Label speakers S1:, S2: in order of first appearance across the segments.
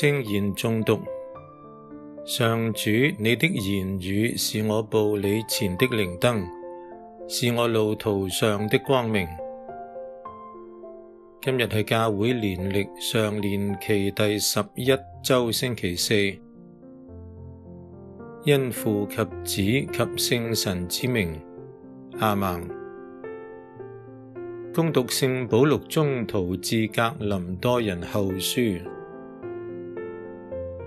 S1: 聖言誦讀，上主，你的言語是我步履前的靈燈，是我路途上的光明。今日係教會年曆常年期第十一周星期四，因父及子及聖神之名，阿們。恭讀聖保祿宗徒致格林多人後書。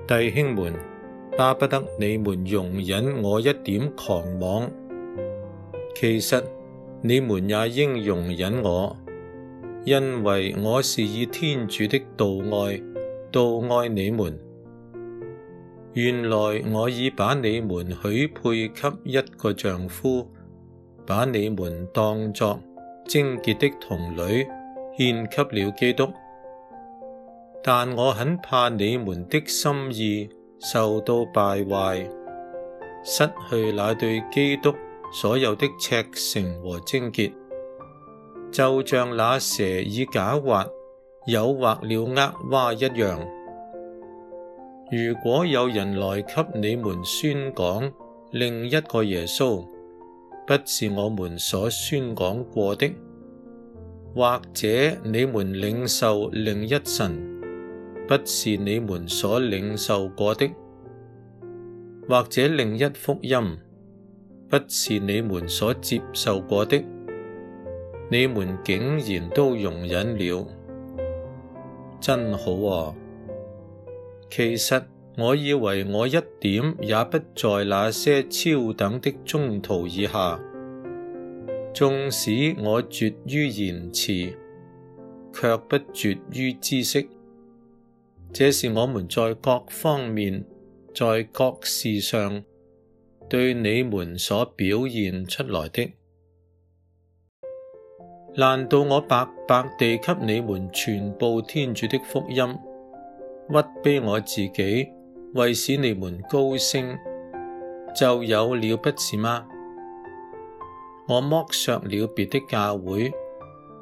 S1: 弟兄們，巴不得你們容忍我一點狂妄，其實你們也應容忍我，因為我是以天主的妒愛，妒愛你們。原來我已把你們許配給一個丈夫，把你們當作貞潔的童女獻給了基督。但我很怕你們的心意受到敗壞，失去那對基督所有的赤誠和貞潔，就像那蛇以狡猾誘惑了厄娃一樣。如果有人來給你們宣講另一個耶穌，不是我們所宣講過的，或者你們領受另一神，不是你們所領受過的，或者另一福音，不是你們所接受過的，你們竟然都容忍了，真好啊！其實我以為我一點也不在那些超等的宗徒以下，縱使我拙於言詞，卻不拙於知識。這是我們在各方面、在各事上對你們所表現出來的。難道我白白地給你們傳報天主的福音，屈卑我自己，為使你們高升，就有了不是嗎？我剝削了別的教會，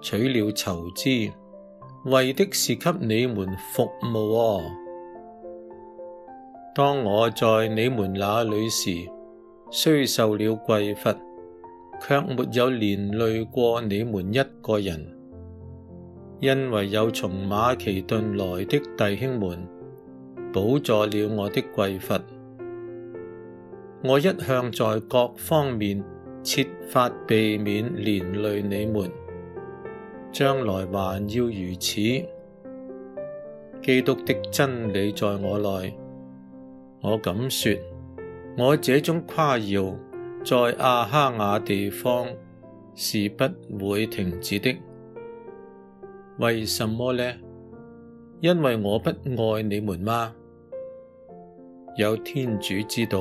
S1: 取了酬資。為的是給你們服務。哦。當我在你們那裏時，雖受了匱乏，却沒有連累過你們一個人，因為有從馬其頓來的弟兄們補助了我的匱乏。我一向在各方面設法避免連累你們。將來還要如此，基督的真理在我內，我敢說，我這種誇耀在阿哈雅地方是不會停止的。為什麼呢？因為我不愛你們嗎？有天主知道。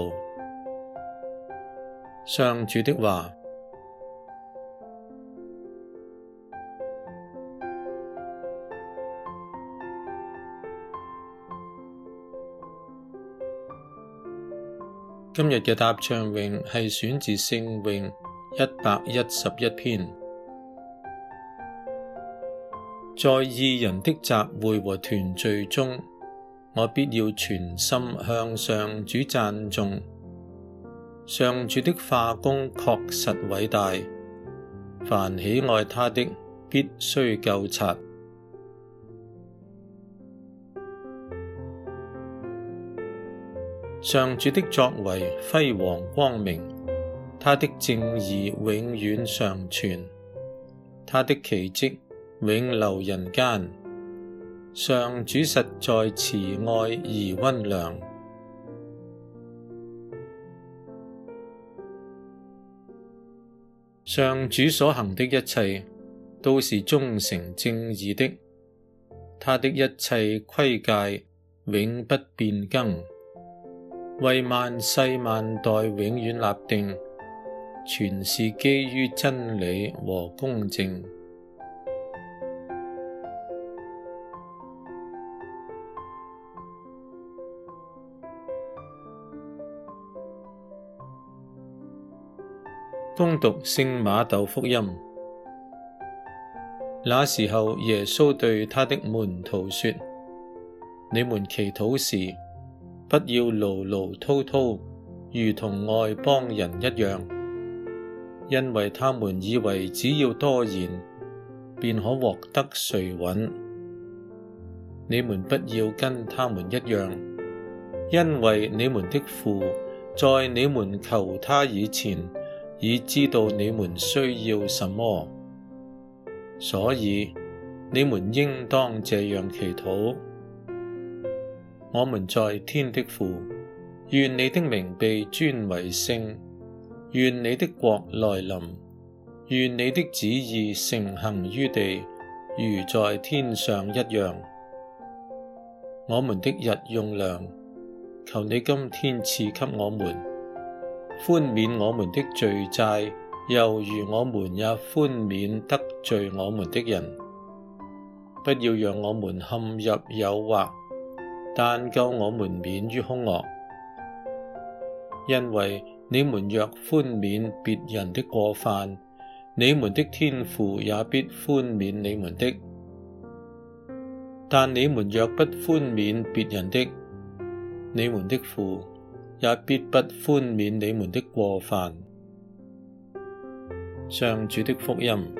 S1: 上主的話。今日嘅答唱詠係選自聖詠一百一十一篇，在義人的集會和團聚中，我必要全心向上主讚頌。上主的化工確實偉大，凡喜愛他的必須究察，必須究察。上主的作為輝煌光明，他的正義永遠常存，他的奇迹永留人間。上主實在慈愛而溫良，上主所行的一切都是忠誠正義的，他的一切規誡永不變更。為萬世萬代永遠立定，全是基於真理和公正。恭 讀聖瑪竇福音，那時候耶穌對他的門徒說：你們祈禱時，不要嘮嘮叨叨，如同外邦人一樣，因為他們以為只要多言，便可獲得垂允。你們不要跟他們一樣，因為你們的父在你們求他以前，已知道你們需要什麼，所以你們應當這樣祈禱。我們在天的父，願你的名被尊為聖，願你的國來臨，願你的旨意承行於地，如在天上一樣。我們的日用糧，求你今天賜給我們，寬免我們的罪債，猶如我們也寬免得罪我們的人，不要讓我們陷入誘惑。但救我們免於兇惡，因為你們若寬免別人的過犯，你們的天父也必寬免你們的；但你們若不寬免別人的，你們的父也必不寬免你們的過犯。上主的福音。